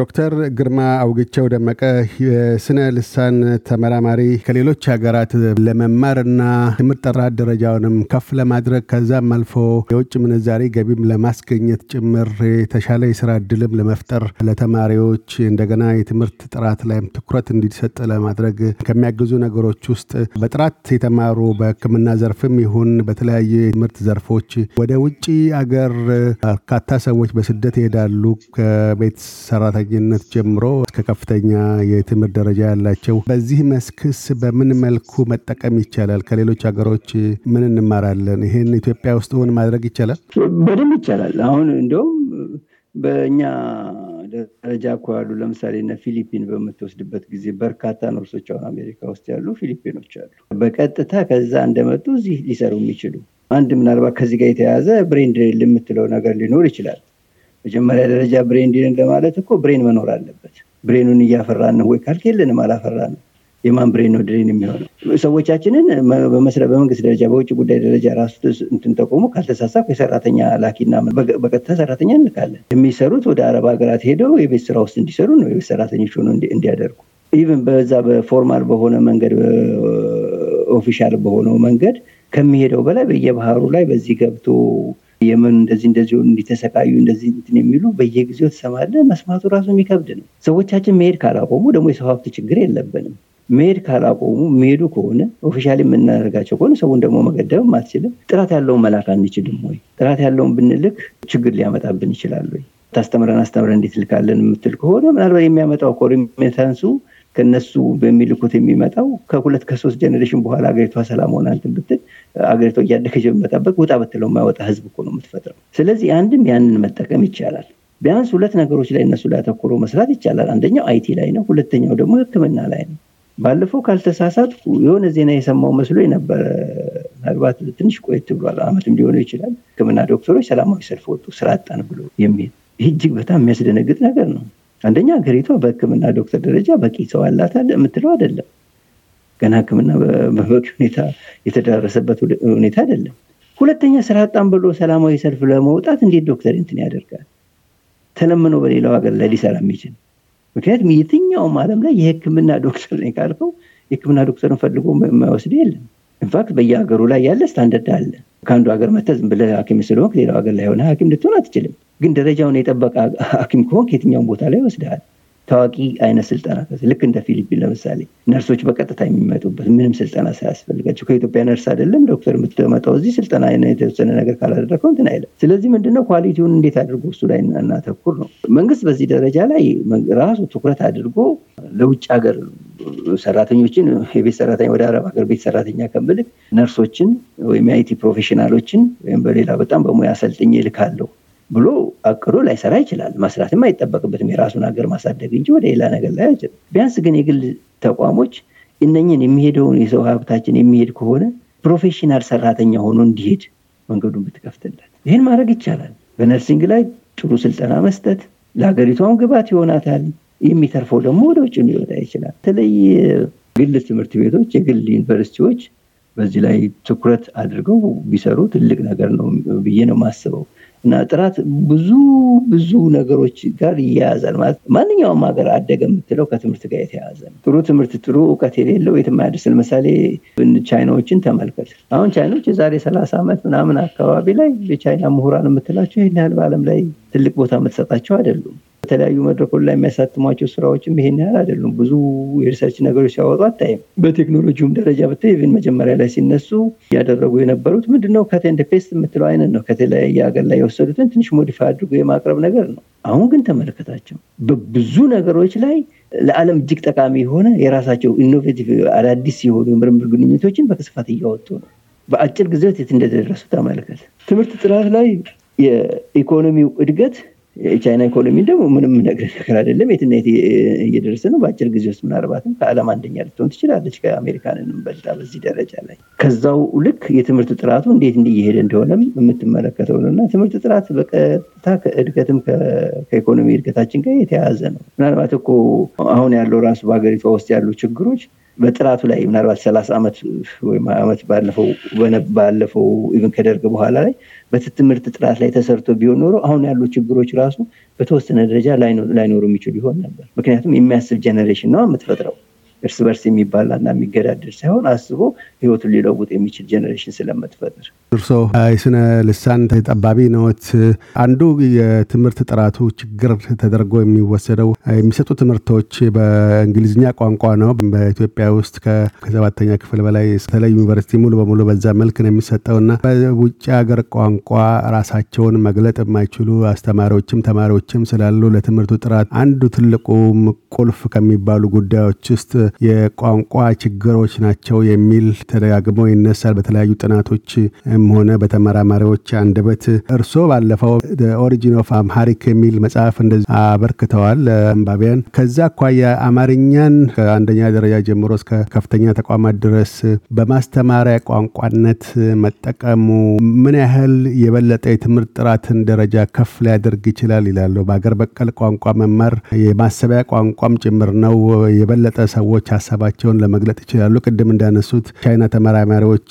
ዶክተር ግርማ አውግቸው ደመቀ የስነ ልሳን ተመራማሪ ከሌሎች ሀገራት ለመማርና ትምህርት ጥራት ደረጃውንም ከፍ ለማድረግ ከዛም አልፎ የውጭ ምንዛሪ ገቢም ለማስገኘት ጭምር የተሻለ የስራ እድልም ለመፍጠር ለተማሪዎች እንደገና የትምህርት ጥራት ላይም ትኩረት እንዲሰጥ ለማድረግ ከሚያግዙ ነገሮች ውስጥ በጥራት የተማሩ በህክምና ዘርፍም ይሁን በተለያዩ የትምህርት ዘርፎች ወደ ውጭ አገር በርካታ ሰዎች በስደት ይሄዳሉ ከቤት ሰራተኛ ከታዳጊነት ጀምሮ እስከ ከፍተኛ የትምህርት ደረጃ ያላቸው። በዚህ መስክስ በምን መልኩ መጠቀም ይቻላል? ከሌሎች ሀገሮች ምን እንማራለን? ይህን ኢትዮጵያ ውስጥ እውን ማድረግ ይቻላል? በደንብ ይቻላል። አሁን እንዲሁም በእኛ ደረጃ እኮ ያሉ ለምሳሌ እነ ፊሊፒን በምትወስድበት ጊዜ በርካታ ነርሶች አሁን አሜሪካ ውስጥ ያሉ ፊሊፒኖች አሉ። በቀጥታ ከዛ እንደመጡ እዚህ ሊሰሩ የሚችሉ አንድ ምናልባት ከዚህ ጋር የተያያዘ ብሬንድ የምትለው ነገር ሊኖር ይችላል። መጀመሪያ ደረጃ ብሬንዲን ለማለት እኮ ብሬን መኖር አለበት። ብሬኑን እያፈራን ነው ወይ ካልክ የለንም፣ አላፈራን ነው። የማን ብሬን ነው ድሬን የሚሆነው? ሰዎቻችንን በመንግስት ደረጃ በውጭ ጉዳይ ደረጃ ራሱ እንትን ተቆሙ የሰራተኛ ላኪና በቀጥታ ሰራተኛ እንልካለን። የሚሰሩት ወደ አረብ ሀገራት ሄደው የቤት ስራ ውስጥ እንዲሰሩ ነው፣ የቤት ሰራተኞች ሆኖ እንዲያደርጉ ኢቨን በዛ በፎርማል በሆነ መንገድ ኦፊሻል በሆነው መንገድ ከሚሄደው በላይ በየባህሩ ላይ በዚህ ገብቶ የመኑ እንደዚህ እንደዚህ እንዲተሰቃዩ እንደዚህ እንትን የሚሉ በየጊዜው ትሰማለህ። መስማቱ ራሱ የሚከብድ ነው። ሰዎቻችን መሄድ ካላቆሙ ደግሞ የሰው ሀብት ችግር የለብንም። መሄድ ካላቆሙ የሚሄዱ ከሆነ ኦፊሻል የምናደርጋቸው ከሆነ ሰውን ደግሞ መገደብም አትችልም። ጥራት ያለውን መላክ አንችልም ወይ? ጥራት ያለውን ብንልክ ችግር ሊያመጣብን ይችላል ወይ? ታስተምረን አስተምረን እንዴት ልካለን የምትል ከሆነ ምናልባት የሚያመጣው ኮሪሜታንሱ ከነሱ በሚልኩት የሚመጣው ከሁለት ከሶስት ጀኔሬሽን በኋላ አገሪቷ ሰላም ሆና እንትን ብትል አገሪቷ እያደገች በመጣበት ውጣ ብትለው የማይወጣ ህዝብ እኮ ነው የምትፈጥረው። ስለዚህ አንድም ያንን መጠቀም ይቻላል። ቢያንስ ሁለት ነገሮች ላይ እነሱ ላይ አተኩሮ መስራት ይቻላል። አንደኛው አይቲ ላይ ነው፣ ሁለተኛው ደግሞ ህክምና ላይ ነው። ባለፈው ካልተሳሳትኩ የሆነ ዜና የሰማው መስሎ ነበረ። ምናልባት ትንሽ ቆየት ብሏል፣ አመትም ሊሆነው ይችላል። ህክምና ዶክተሮች ሰላማዊ ሰልፍ ወጡ ስራ አጣን ብሎ የሚል ይህ እጅግ በጣም የሚያስደነግጥ ነገር ነው። አንደኛ ሀገሪቷ በህክምና ዶክተር ደረጃ በቂ ሰው አላት የምትለው አይደለም። ገና ህክምና በበቂ ሁኔታ የተደረሰበት ሁኔታ አይደለም። ሁለተኛ ስራ አጣም ብሎ ሰላማዊ ሰልፍ ለመውጣት እንዴት ዶክተር እንትን ያደርጋል? ተለምኖ በሌላው ሀገር ላይ ሊሰራ የሚችል ምክንያቱም የትኛውም አለም ላይ የህክምና ዶክተር ካልከው የህክምና ዶክተርን ፈልጎ የማይወስድ የለም። ኢንፋክት በየሀገሩ ላይ ያለ ስታንደርድ አለ። ከአንዱ ሀገር መተህ ዝም ብለህ ሐኪም ስለሆንክ ሌላው ሀገር ላይ ሆነህ ሐኪም ልትሆን አትችልም። ግን ደረጃውን የጠበቀ ሐኪም ከሆንክ የትኛውን ቦታ ላይ ይወስድሃል። ታዋቂ አይነት ስልጠና ልክ እንደ ፊሊፒን ለምሳሌ ነርሶች በቀጥታ የሚመጡበት ምንም ስልጠና ሳያስፈልጋቸው ከኢትዮጵያ ነርስ አይደለም ዶክተር የምትመጣው እዚህ ስልጠና የተወሰነ ነገር ካላደረከው እንትን አይለም። ስለዚህ ምንድነው ኳሊቲውን እንዴት አድርጎ እሱ ላይ እናተኩር ነው። መንግስት በዚህ ደረጃ ላይ ራሱ ትኩረት አድርጎ ለውጭ ሀገር ሰራተኞችን የቤት ሰራተኛ ወደ አረብ ሀገር ቤት ሰራተኛ ከምልክ ነርሶችን ወይም የአይቲ ፕሮፌሽናሎችን ወይም በሌላ በጣም በሙያ ሰልጥኝ ይልካለሁ ብሎ አቅዶ ላይሰራ ይችላል። መስራትም አይጠበቅበትም። የራሱን ሀገር ማሳደግ እንጂ ወደ ሌላ ነገር ላይ አይችልም። ቢያንስ ግን የግል ተቋሞች እነኝን የሚሄደውን የሰው ሀብታችን የሚሄድ ከሆነ ፕሮፌሽናል ሰራተኛ ሆኖ እንዲሄድ መንገዱን ብትከፍትለት ይህን ማድረግ ይቻላል። በነርሲንግ ላይ ጥሩ ስልጠና መስጠት ለሀገሪቷም ግብዓት ይሆናታል። የሚተርፈው ደግሞ ወደ ውጭ ሊወጣ ይችላል። በተለይ ግል ትምህርት ቤቶች፣ የግል ዩኒቨርሲቲዎች በዚህ ላይ ትኩረት አድርገው ቢሰሩ ትልቅ ነገር ነው ብዬ ነው የማስበው። እና ጥራት ብዙ ብዙ ነገሮች ጋር ይያያዛል። ማለት ማንኛውም ሀገር አደገ የምትለው ከትምህርት ጋር የተያያዘ ነው። ጥሩ ትምህርት፣ ጥሩ እውቀት የሌለው የትም ለምሳሌ ቻይናዎችን ተመልከት። አሁን ቻይናዎች የዛሬ ሰላሳ ዓመት ምናምን አካባቢ ላይ የቻይና ምሁራን የምትላቸው ይህን ያህል በአለም ላይ ትልቅ ቦታ የምትሰጣቸው አይደሉም። በተለያዩ መድረኮች ላይ የሚያሳትሟቸው ስራዎችም ይሄን ያህል አይደሉም። ብዙ የሪሰርች ነገሮች ሲያወጡ አታይም። በቴክኖሎጂውም ደረጃ ብታይ ኢቨን መጀመሪያ ላይ ሲነሱ እያደረጉ የነበሩት ምንድነው ከቴንድ ፔስት የምትለው አይነት ነው። ከተለያየ ሀገር ላይ የወሰዱትን ትንሽ ሞዲፋይ አድርጎ የማቅረብ ነገር ነው። አሁን ግን ተመለከታቸው በብዙ ነገሮች ላይ ለዓለም እጅግ ጠቃሚ የሆነ የራሳቸው ኢኖቬቲቭ አዳዲስ የሆኑ የምርምር ግንኙነቶችን በስፋት እያወጡ ነው። በአጭር ጊዜ የት እንደደረሱ ተመልከት። ትምህርት ጥራት ላይ የኢኮኖሚው እድገት የቻይና ኢኮኖሚ ደግሞ ምንም ነገር ነገር አይደለም። የትና እየደረሰ ነው። በአጭር ጊዜ ውስጥ ምናልባትም ከዓለም አንደኛ ልትሆን ትችላለች፣ ከአሜሪካንንም በልጣ በዚህ ደረጃ ላይ። ከዛው ልክ የትምህርት ጥራቱ እንዴት እንዲ እንደሆነም የምትመለከተው ነው እና ትምህርት ጥራት በቀጥታ ከእድገትም ከኢኮኖሚ እድገታችን ጋር የተያያዘ ነው። ምናልባት እኮ አሁን ያለው ራሱ በሀገሪቷ ውስጥ ያሉ ችግሮች በጥራቱ ላይ ምናልባት ሰላሳ ዓመት ወይም ዓመት ባለፈው ባለፈው ኢቨን ከደርግ በኋላ ላይ በትምህርት ጥራት ላይ ተሰርቶ ቢሆን ኖሮ አሁን ያሉ ችግሮች ራሱ በተወሰነ ደረጃ ላይኖሩ የሚችሉ ይሆን ነበር። ምክንያቱም የሚያስብ ጀኔሬሽን ነው የምትፈጥረው። እርስ በርስ የሚባላና የሚገዳደር ሳይሆን አስቦ ህይወቱን ሊለውጥ የሚችል ጀኔሬሽን ስለምትፈጥር። እርሶ የስነ ልሳን ተጠባቢ ነዎት። አንዱ የትምህርት ጥራቱ ችግር ተደርጎ የሚወሰደው የሚሰጡ ትምህርቶች በእንግሊዝኛ ቋንቋ ነው። በኢትዮጵያ ውስጥ ከሰባተኛ ክፍል በላይ ተለይ ዩኒቨርሲቲ ሙሉ በሙሉ በዛ መልክ ነው የሚሰጠውና በውጭ ሀገር ቋንቋ ራሳቸውን መግለጥ የማይችሉ አስተማሪዎችም ተማሪዎችም ስላሉ ለትምህርቱ ጥራት አንዱ ትልቁም ቁልፍ ከሚባሉ ጉዳዮች ውስጥ የቋንቋ ችግሮች ናቸው የሚል ተደጋግሞ ይነሳል በተለያዩ ጥናቶችም ሆነ በተመራማሪዎች አንደበት። እርስዎ ባለፈው ኦሪጂን ኦፍ አምሃሪክ የሚል መጽሐፍ እንደዚህ አበርክተዋል ለአንባቢያን። ከዛ አኳያ አማርኛን ከአንደኛ ደረጃ ጀምሮ እስከ ከፍተኛ ተቋማት ድረስ በማስተማሪያ ቋንቋነት መጠቀሙ ምን ያህል የበለጠ የትምህርት ጥራትን ደረጃ ከፍ ሊያደርግ ይችላል ይላሉ። በሀገር በቀል ቋንቋ መማር የማሰቢያ ቋንቋም ጭምር ነው። የበለጠ ሰዎች ሰዎች ሀሳባቸውን ለመግለጥ ይችላሉ። ቅድም እንዳነሱት ቻይና ተመራማሪዎች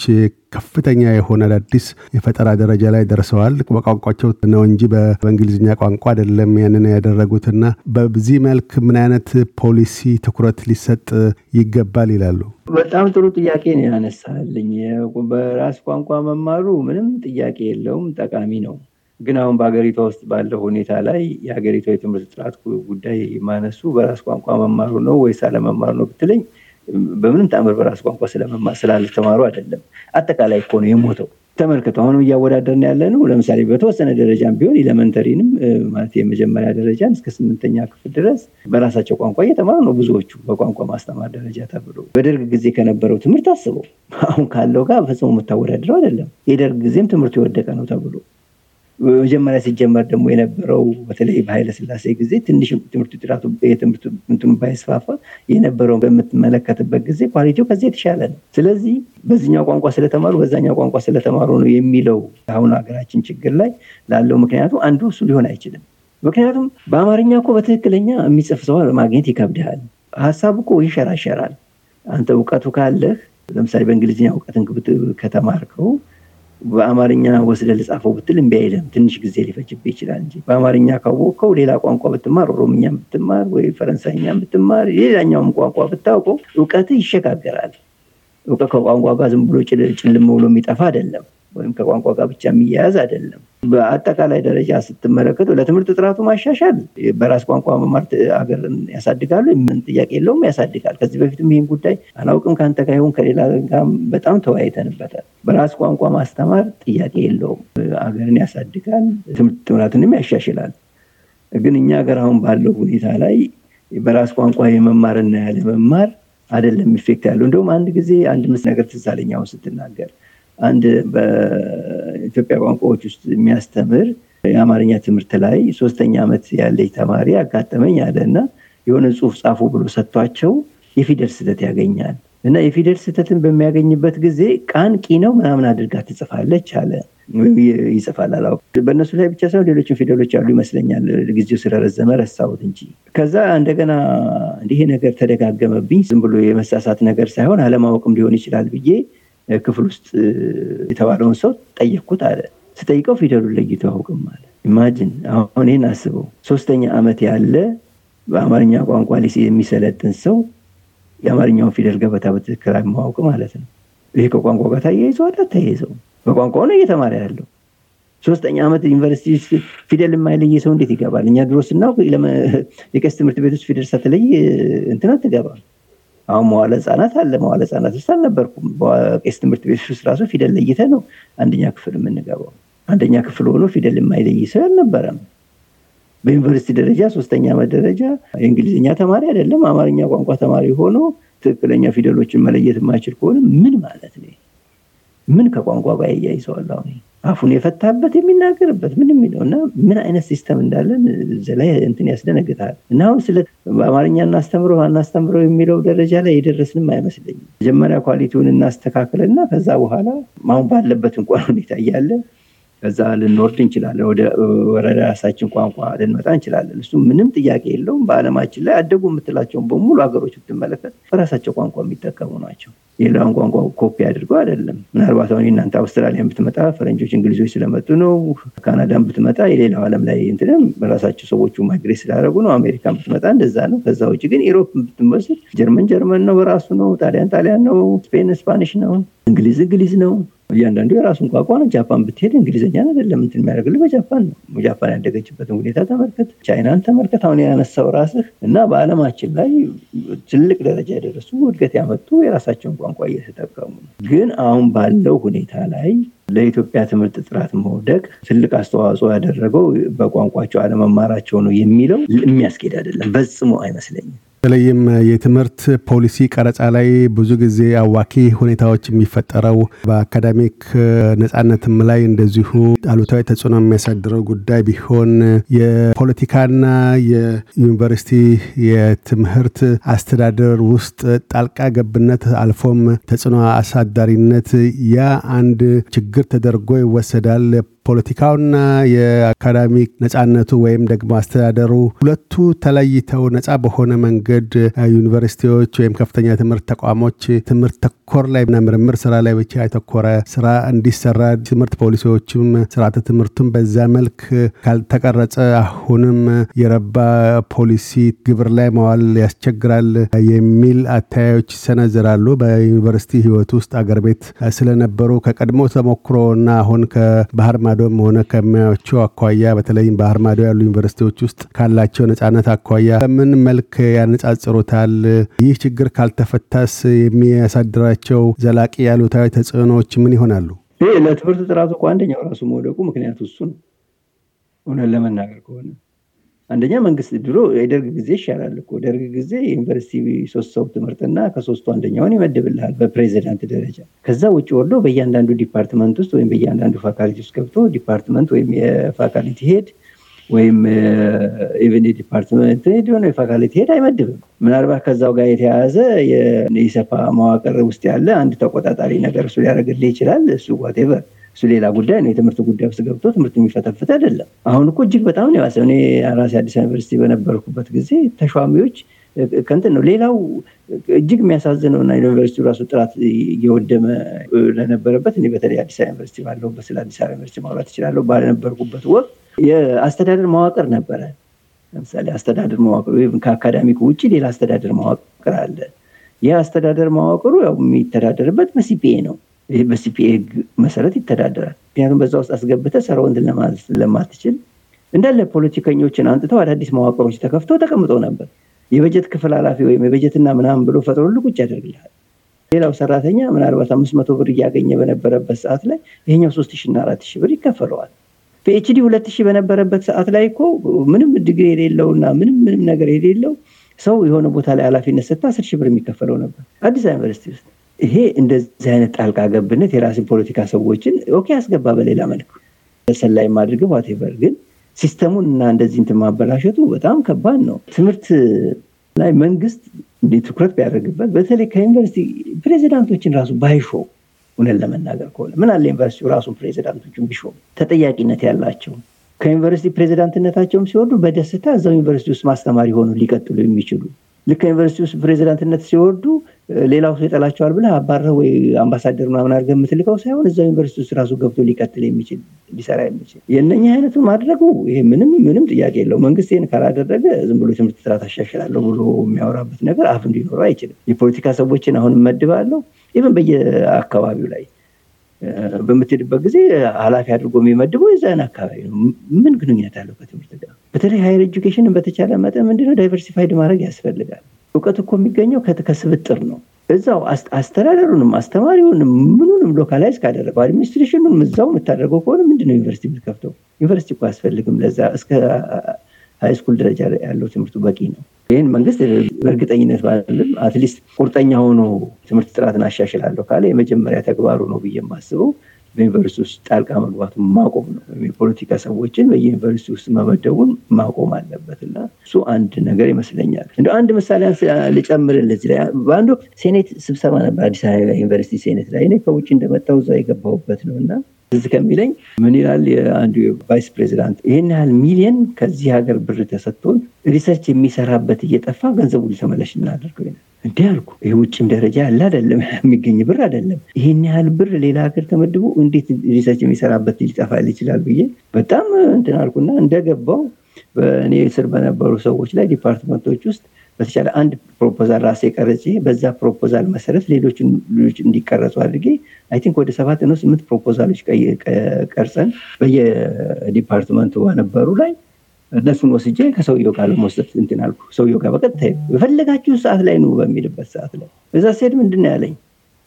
ከፍተኛ የሆነ አዳዲስ የፈጠራ ደረጃ ላይ ደርሰዋል። በቋንቋቸው ነው እንጂ በእንግሊዝኛ ቋንቋ አይደለም ያንን ያደረጉትና በዚህ መልክ ምን አይነት ፖሊሲ ትኩረት ሊሰጥ ይገባል ይላሉ? በጣም ጥሩ ጥያቄ ነው ያነሳልኝ። በራስ ቋንቋ መማሩ ምንም ጥያቄ የለውም፣ ጠቃሚ ነው። ግን አሁን በሀገሪቷ ውስጥ ባለው ሁኔታ ላይ የሀገሪቷ የትምህርት ጥራት ጉዳይ ማነሱ በራስ ቋንቋ መማሩ ነው ወይስ አለመማሩ ነው ብትለኝ በምንም ተአምር በራስ ቋንቋ ስላልተማሩ አይደለም። አጠቃላይ እኮ ነው የሞተው። ተመልክተ አሁን እያወዳደርን ያለ ነው። ለምሳሌ በተወሰነ ደረጃም ቢሆን ኢለመንተሪንም ማለት የመጀመሪያ ደረጃን እስከ ስምንተኛ ክፍል ድረስ በራሳቸው ቋንቋ እየተማሩ ነው ብዙዎቹ በቋንቋ ማስተማር ደረጃ ተብሎ። በደርግ ጊዜ ከነበረው ትምህርት አስበው አሁን ካለው ጋር ፈጽሞ የምታወዳድረው አይደለም። የደርግ ጊዜም ትምህርቱ የወደቀ ነው ተብሎ መጀመሪያ ሲጀመር ደግሞ የነበረው በተለይ ስላሴ ጊዜ ትንሽ ትምህርቱ ጥራቱ የትምህርቱ እንትኑ ባይስፋፋ የነበረው በምትመለከትበት ጊዜ ኳሊቲው ከዚህ የተሻለ ነው። ስለዚህ በዚህኛው ቋንቋ ስለተማሩ በዛኛው ቋንቋ ስለተማሩ ነው የሚለው አሁን ሀገራችን ችግር ላይ ላለው ምክንያቱ አንዱ እሱ ሊሆን አይችልም። ምክንያቱም በአማርኛ እኮ በትክክለኛ የሚጽፍ ሰው ለማግኘት ይከብድሃል። ሀሳብ እኮ ይሸራሸራል። አንተ እውቀቱ ካለህ ለምሳሌ በእንግሊዝኛ እውቀትን ከተማርከው በአማርኛ ወስደ ልጻፈው ብትል እምቢ አይልም። ትንሽ ጊዜ ሊፈጅብህ ይችላል እንጂ በአማርኛ ካወቅከው ሌላ ቋንቋ ብትማር፣ ኦሮምኛ ብትማር፣ ወይ ፈረንሳይኛ ብትማር፣ ሌላኛውም ቋንቋ ብታውቀው እውቀትህ ይሸጋገራል። እውቀት ከቋንቋ ጋር ዝም ብሎ ጭልም ብሎ የሚጠፋ አይደለም። ወይም ከቋንቋ ጋር ብቻ የሚያያዝ አይደለም። በአጠቃላይ ደረጃ ስትመለከቱ ለትምህርት ጥራቱ ማሻሻል በራስ ቋንቋ መማር ሀገርን ያሳድጋሉ፣ ምን ጥያቄ የለውም፣ ያሳድጋል። ከዚህ በፊትም ይህን ጉዳይ አላውቅም ከአንተ ጋር ይሁን ከሌላ ጋር በጣም ተወያይተንበታል። በራስ ቋንቋ ማስተማር ጥያቄ የለውም፣ ሀገርን ያሳድጋል፣ ትምህርት ጥራትንም ያሻሽላል። ግን እኛ ሀገር አሁን ባለው ሁኔታ ላይ በራስ ቋንቋ የመማርና ያለመማር አይደለም ኢፌክት ያለው። እንደውም አንድ ጊዜ አንድ ምስ ነገር ትዝ አለኝ አሁን ስትናገር አንድ በኢትዮጵያ ቋንቋዎች ውስጥ የሚያስተምር የአማርኛ ትምህርት ላይ ሶስተኛ ዓመት ያለች ተማሪ አጋጠመኝ አለ እና የሆነ ጽሁፍ ጻፉ ብሎ ሰጥቷቸው የፊደል ስህተት ያገኛል እና የፊደል ስህተትን በሚያገኝበት ጊዜ ቃን ቂ ነው ምናምን አድርጋ ትጽፋለች አለ ይጽፋል አላ በእነሱ ላይ ብቻ ሳይሆን ሌሎችን ፊደሎች ያሉ ይመስለኛል። ጊዜው ስለረዘመ ረሳሁት እንጂ ከዛ እንደገና እንዲህ ነገር ተደጋገመብኝ። ዝም ብሎ የመሳሳት ነገር ሳይሆን አለማወቅም ሊሆን ይችላል ብዬ ክፍል ውስጥ የተባለውን ሰው ጠየቅኩት አለ። ስጠይቀው ፊደሉን ለይቶ አውቅም አለ። ኢማጅን አሁን ይህን አስበው። ሶስተኛ ዓመት ያለ በአማርኛ ቋንቋ ሊሴ የሚሰለጥን ሰው የአማርኛውን ፊደል ገበታ በትክክል ማወቅ ማለት ነው። ይህ ከቋንቋ ጋር ተያይዞ አታያይዘውም? በቋንቋው ነው እየተማረ ያለው። ሶስተኛ ዓመት ዩኒቨርሲቲ ፊደል የማይለይ ሰው እንዴት ይገባል? እኛ ድሮ ስናውቅ የቀስ ትምህርት ቤቶች ፊደል ሳትለይ እንትን አትገባም። አሁን መዋለ ህጻናት አለ መዋለ ህጻናት ውስጥ አልነበርኩም። ቄስ ትምህርት ቤት ውስጥ ራሱ ፊደል ለይተ ነው አንደኛ ክፍል የምንገባው። አንደኛ ክፍል ሆኖ ፊደል የማይለይ ሰው አልነበረም። በዩኒቨርሲቲ ደረጃ ሶስተኛ ዓመት ደረጃ የእንግሊዝኛ ተማሪ አይደለም አማርኛ ቋንቋ ተማሪ ሆኖ ትክክለኛ ፊደሎችን መለየት የማይችል ከሆነ ምን ማለት ነው? ምን ከቋንቋ ጋር እያይዘዋል አሁን አፉን የፈታበት የሚናገርበት ምን የሚለው እና ምን አይነት ሲስተም እንዳለን እዚ ላይ እንትን ያስደነግታል እና አሁን ስለ በአማርኛ እናስተምረው የሚለው ደረጃ ላይ የደረስንም አይመስለኝም። መጀመሪያ ኳሊቲውን እናስተካክልና ከዛ በኋላ አሁን ባለበት እንኳን ሁኔታ እያለ ከዛ ልንወርድ እንችላለን። ወደ ራሳችን ቋንቋ ልንመጣ እንችላለን። እሱ ምንም ጥያቄ የለውም። በአለማችን ላይ አደጉ የምትላቸውን በሙሉ ሀገሮች ብትመለከት በራሳቸው ቋንቋ የሚጠቀሙ ናቸው። የሌላውን ቋንቋ ኮፒ አድርገው አይደለም። ምናልባት አሁን እናንተ አውስትራሊያ ብትመጣ ፈረንጆች፣ እንግሊዞች ስለመጡ ነው። ካናዳን ብትመጣ የሌላው አለም ላይ እንትንም በራሳቸው ሰዎቹ ማይግሬት ስላደረጉ ነው። አሜሪካን ብትመጣ እንደዛ ነው። ከዛ ውጭ ግን ኢሮፕ ብትመስል ጀርመን ጀርመን ነው በራሱ ነው። ጣሊያን ጣሊያን ነው። ስፔን ስፓኒሽ ነው። እንግሊዝ እንግሊዝ ነው። እያንዳንዱ የራሱን ቋንቋ ነው። ጃፓን ብትሄድ እንግሊዝኛን አይደለም እንትን የሚያደርግልህ በጃፓን ነው። ጃፓን ያደገችበትን ሁኔታ ተመልከት፣ ቻይናን ተመልከት። አሁን ያነሳው ራስህ እና በዓለማችን ላይ ትልቅ ደረጃ የደረሱ እድገት ያመጡ የራሳቸውን ቋንቋ እየተጠቀሙ ነው። ግን አሁን ባለው ሁኔታ ላይ ለኢትዮጵያ ትምህርት ጥራት መውደቅ ትልቅ አስተዋጽኦ ያደረገው በቋንቋቸው አለመማራቸው ነው የሚለው የሚያስኬድ አይደለም፣ ፈጽሞ አይመስለኝም። በተለይም የትምህርት ፖሊሲ ቀረጻ ላይ ብዙ ጊዜ አዋኪ ሁኔታዎች የሚፈጠረው በአካዳሚክ ነጻነትም ላይ እንደዚሁ አሉታዊ ተጽዕኖ የሚያሳድረው ጉዳይ ቢሆን የፖለቲካና የዩኒቨርሲቲ የትምህርት አስተዳደር ውስጥ ጣልቃ ገብነት አልፎም ተጽዕኖ አሳዳሪነት ያ አንድ ችግር ተደርጎ ይወሰዳል። ፖለቲካውና የአካዳሚክ ነጻነቱ ወይም ደግሞ አስተዳደሩ ሁለቱ ተለይተው ነጻ በሆነ መንገድ ዩኒቨርሲቲዎች ወይም ከፍተኛ ትምህርት ተቋሞች ትምህርት ተኮር ላይ ና ምርምር ስራ ላይ ብቻ የተኮረ ስራ እንዲሰራ ትምህርት ፖሊሲዎችም ስርዓተ ትምህርቱም በዛ መልክ ካልተቀረጸ አሁንም የረባ ፖሊሲ ግብር ላይ መዋል ያስቸግራል የሚል አታያዮች ይሰነዝራሉ። በዩኒቨርሲቲ ህይወት ውስጥ አገር ቤት ስለነበሩ ከቀድሞ ተሞክሮ እና አሁን ከባህር አርማዶም ሆነ ከሚያቸው አኳያ በተለይም ባህር ማዶ ያሉ ዩኒቨርሲቲዎች ውስጥ ካላቸው ነጻነት አኳያ በምን መልክ ያነጻጽሩታል? ይህ ችግር ካልተፈታስ የሚያሳድራቸው ዘላቂ ያሉታዊ ተጽዕኖዎች ምን ይሆናሉ? ይህ ለትምህርት ጥራት እኮ አንደኛው ራሱ መውደቁ ምክንያቱ እሱ ነው። እውነት ለመናገር ከሆነ አንደኛ መንግስት ድሮ የደርግ ጊዜ ይሻላል እኮ ደርግ ጊዜ ዩኒቨርሲቲ ሶስት ሰው ትምህርትና ከሶስቱ አንደኛውን ይመድብልሃል በፕሬዚዳንት ደረጃ ከዛ ውጭ ወርዶ በእያንዳንዱ ዲፓርትመንት ውስጥ ወይም በእያንዳንዱ ፋካልቲ ውስጥ ገብቶ ዲፓርትመንት ወይም የፋካልቲ ሄድ ወይም ኢቨን ዲፓርትመንት ሆነ የፋካልቲ ሄድ አይመድብም። ምናልባት ከዛው ጋር የተያያዘ የኢሰፓ መዋቅር ውስጥ ያለ አንድ ተቆጣጣሪ ነገር እሱ ሊያደረግልህ ይችላል። እሱ ዋቴቨር እሱ ሌላ ጉዳይ ነው። የትምህርት ጉዳይ ውስጥ ገብቶ ትምህርት የሚፈተፍት አይደለም። አሁን እኮ እጅግ በጣም ነው የባሰው። እኔ ራሴ አዲስ ዩኒቨርሲቲ በነበርኩበት ጊዜ ተሿሚዎች ከንትን ነው። ሌላው እጅግ የሚያሳዝነው እና ዩኒቨርሲቲ ራሱ ጥራት እየወደመ ለነበረበት እኔ በተለይ አዲስ አበባ ዩኒቨርሲቲ ባለሁበት ስለ አዲስ አበባ ዩኒቨርሲቲ ማውራት እችላለሁ። ባለነበርኩበት ወቅት የአስተዳደር መዋቅር ነበረ። ለምሳሌ አስተዳደር መዋቅር ከአካዳሚክ ውጭ ሌላ አስተዳደር መዋቅር አለ። ይህ አስተዳደር መዋቅሩ ያው የሚተዳደርበት በሲፒኤ ነው። ይህ በሲፒኤ ህግ መሰረት ይተዳደራል። ምክንያቱም በዛ ውስጥ አስገብተ ሰራውንትን ለማትችል እንዳለ ፖለቲከኞችን አንጥተው አዳዲስ መዋቅሮች ተከፍቶ ተቀምጦ ነበር። የበጀት ክፍል ኃላፊ ወይም የበጀትና ምናምን ብሎ ፈጥሮልህ ቁጭ ያደርግልል። ሌላው ሰራተኛ ምናልባት አምስት መቶ ብር እያገኘ በነበረበት ሰዓት ላይ ይሄኛው ሶስት ሺ እና አራት ሺ ብር ይከፈለዋል። ፒኤችዲ ሁለት ሺ በነበረበት ሰዓት ላይ እኮ ምንም የሌለው የሌለውና ምንም ምንም ነገር የሌለው ሰው የሆነ ቦታ ላይ ኃላፊነት ሰጥታ አስር ሺ ብር የሚከፈለው ነበር አዲስ ዩኒቨርሲቲ ውስጥ ይሄ እንደዚህ አይነት ጣልቃ ገብነት የራስን ፖለቲካ ሰዎችን ኦኬ ያስገባ በሌላ መልክ ሰላይ ማድርግ ዋቴቨር፣ ግን ሲስተሙን እና እንደዚህ እንትን ማበላሸቱ በጣም ከባድ ነው። ትምህርት ላይ መንግስት ትኩረት ቢያደርግበት፣ በተለይ ከዩኒቨርሲቲ ፕሬዚዳንቶችን ራሱ ባይሾው እውነት ለመናገር ከሆነ ምን አለ ዩኒቨርሲቲ ራሱ ፕሬዚዳንቶችን ቢሾው ተጠያቂነት ያላቸው ከዩኒቨርሲቲ ፕሬዚዳንትነታቸውም ሲወርዱ በደስታ እዛው ዩኒቨርሲቲ ውስጥ ማስተማሪ ሆኑ ሊቀጥሉ የሚችሉ ልክ ከዩኒቨርሲቲ ውስጥ ፕሬዚዳንትነት ሲወርዱ ሌላው ሰው ይጠላቸዋል ብለ አባረ ወይ አምባሳደር ምናምን አድርገ የምትልከው ሳይሆን እዛ ዩኒቨርሲቲ ውስጥ ራሱ ገብቶ ሊቀጥል የሚችል ሊሰራ የሚችል የነኛ አይነቱ ማድረጉ ይሄ ምንም ምንም ጥያቄ የለው። መንግስት ይህን ካላደረገ ዝም ብሎ ትምህርት ስራ ታሻሽላለሁ ብሎ የሚያወራበት ነገር አፍ እንዲኖረው አይችልም። የፖለቲካ ሰዎችን አሁን መድባለው ኢቨን በየአካባቢው ላይ በምትሄድበት ጊዜ ኃላፊ አድርጎ የሚመድበው የዛን አካባቢ ነው። ምን ግንኙነት አለው ከትምህርት ጋር? በተለይ ሀይር ኤጁኬሽን በተቻለ መጠን ምንድነው ዳይቨርሲፋይድ ማድረግ ያስፈልጋል። እውቀት እኮ የሚገኘው ከስብጥር ነው። እዛው አስተዳደሩንም አስተማሪውንም ምኑንም ሎካላይዝ ካደረገው አድሚኒስትሬሽኑንም እዛው የምታደርገው ከሆነ ምንድነው ዩኒቨርሲቲ የምትከፍተው? ዩኒቨርሲቲ እኮ አያስፈልግም። ለዛ እስከ ሃይስኩል ደረጃ ያለው ትምህርቱ በቂ ነው። ይህን መንግስት በእርግጠኝነት ባለም አትሊስት ቁርጠኛ ሆኖ ትምህርት ጥራትን አሻሽላለሁ ካለ የመጀመሪያ ተግባሩ ነው ብዬ የማስበው በዩኒቨርሲቲ ውስጥ ጣልቃ መግባቱን ማቆም ነው። የፖለቲካ ሰዎችን በየዩኒቨርሲቲ ውስጥ መመደቡን ማቆም አለበት እና እሱ አንድ ነገር ይመስለኛል። እንደ አንድ ምሳሌ ልጨምርልህ ለዚህ ላይ በአንድ ወቅት ሴኔት ስብሰባ ነበር አዲስ አበባ ዩኒቨርሲቲ ሴኔት ላይ እኔ ከውጭ እንደመጣሁ እዛ የገባሁበት ነው እና ትዝ ከሚለኝ ምን ይላል አንዱ ቫይስ ፕሬዚዳንት ይህን ያህል ሚሊየን ከዚህ ሀገር ብር ተሰጥቶን ሪሰርች የሚሰራበት እየጠፋ ገንዘቡ ሊተመለሽ እናደርገው ይላል እንዲህ አልኩ። የውጭም ደረጃ ያለ አይደለም የሚገኝ ብር አይደለም። ይህን ያህል ብር ሌላ ሀገር ተመድቦ እንዴት ሪሰርች የሚሰራበት ሊጠፋል ይችላል ብዬ በጣም እንትን አልኩና እንደገባው በእኔ ስር በነበሩ ሰዎች ላይ ዲፓርትመንቶች ውስጥ በተቻለ አንድ ፕሮፖዛል ራሴ ቀረጬ በዛ ፕሮፖዛል መሰረት ሌሎችን ልጆች እንዲቀረጹ አድርጌ አይ ቲንክ ወደ ሰባት ነው ስምንት ፕሮፖዛሎች ቀርጸን በየዲፓርትመንቱ በነበሩ ላይ እነሱን ወስጄ ከሰውየው ጋር ለመወሰድ እንትን አልኩ። ሰውየው ጋር በቀጥታ በፈለጋችሁ ሰዓት ላይ ነው በሚልበት ሰዓት ላይ እዛ ሴድ ምንድን ነው ያለኝ?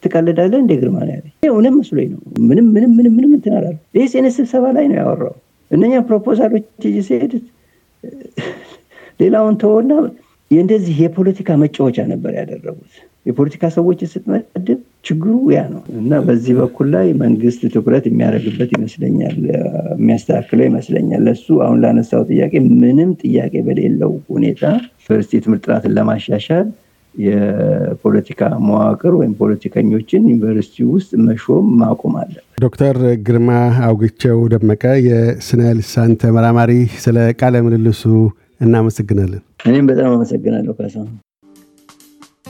ትቀልዳለህ እንደ ግርማ ነው ያለኝ። እውነት መስሎኝ ነው። ምንም ምንም ምንም ምንም እንትን አላልኩም። ይህ ሴኔት ስብሰባ ላይ ነው ያወራው። እነኛ ፕሮፖዛሎች ይዤ ሌላውን ተወና የእንደዚህ የፖለቲካ መጫወቻ ነበር ያደረጉት። የፖለቲካ ሰዎች ስትመድብ ችግሩ ያ ነው እና በዚህ በኩል ላይ መንግስት ትኩረት የሚያደርግበት ይመስለኛል፣ የሚያስተካክለው ይመስለኛል። ለሱ አሁን ላነሳው ጥያቄ ምንም ጥያቄ በሌለው ሁኔታ ዩኒቨርሲቲ ትምህርት ጥራትን ለማሻሻል የፖለቲካ መዋቅር ወይም ፖለቲከኞችን ዩኒቨርሲቲ ውስጥ መሾም ማቆም አለ። ዶክተር ግርማ አውግቸው ደመቀ የስነ ልሳን ተመራማሪ፣ ስለ ቃለ ምልልሱ እናመሰግናለን። እኔም በጣም አመሰግናለሁ ካሳ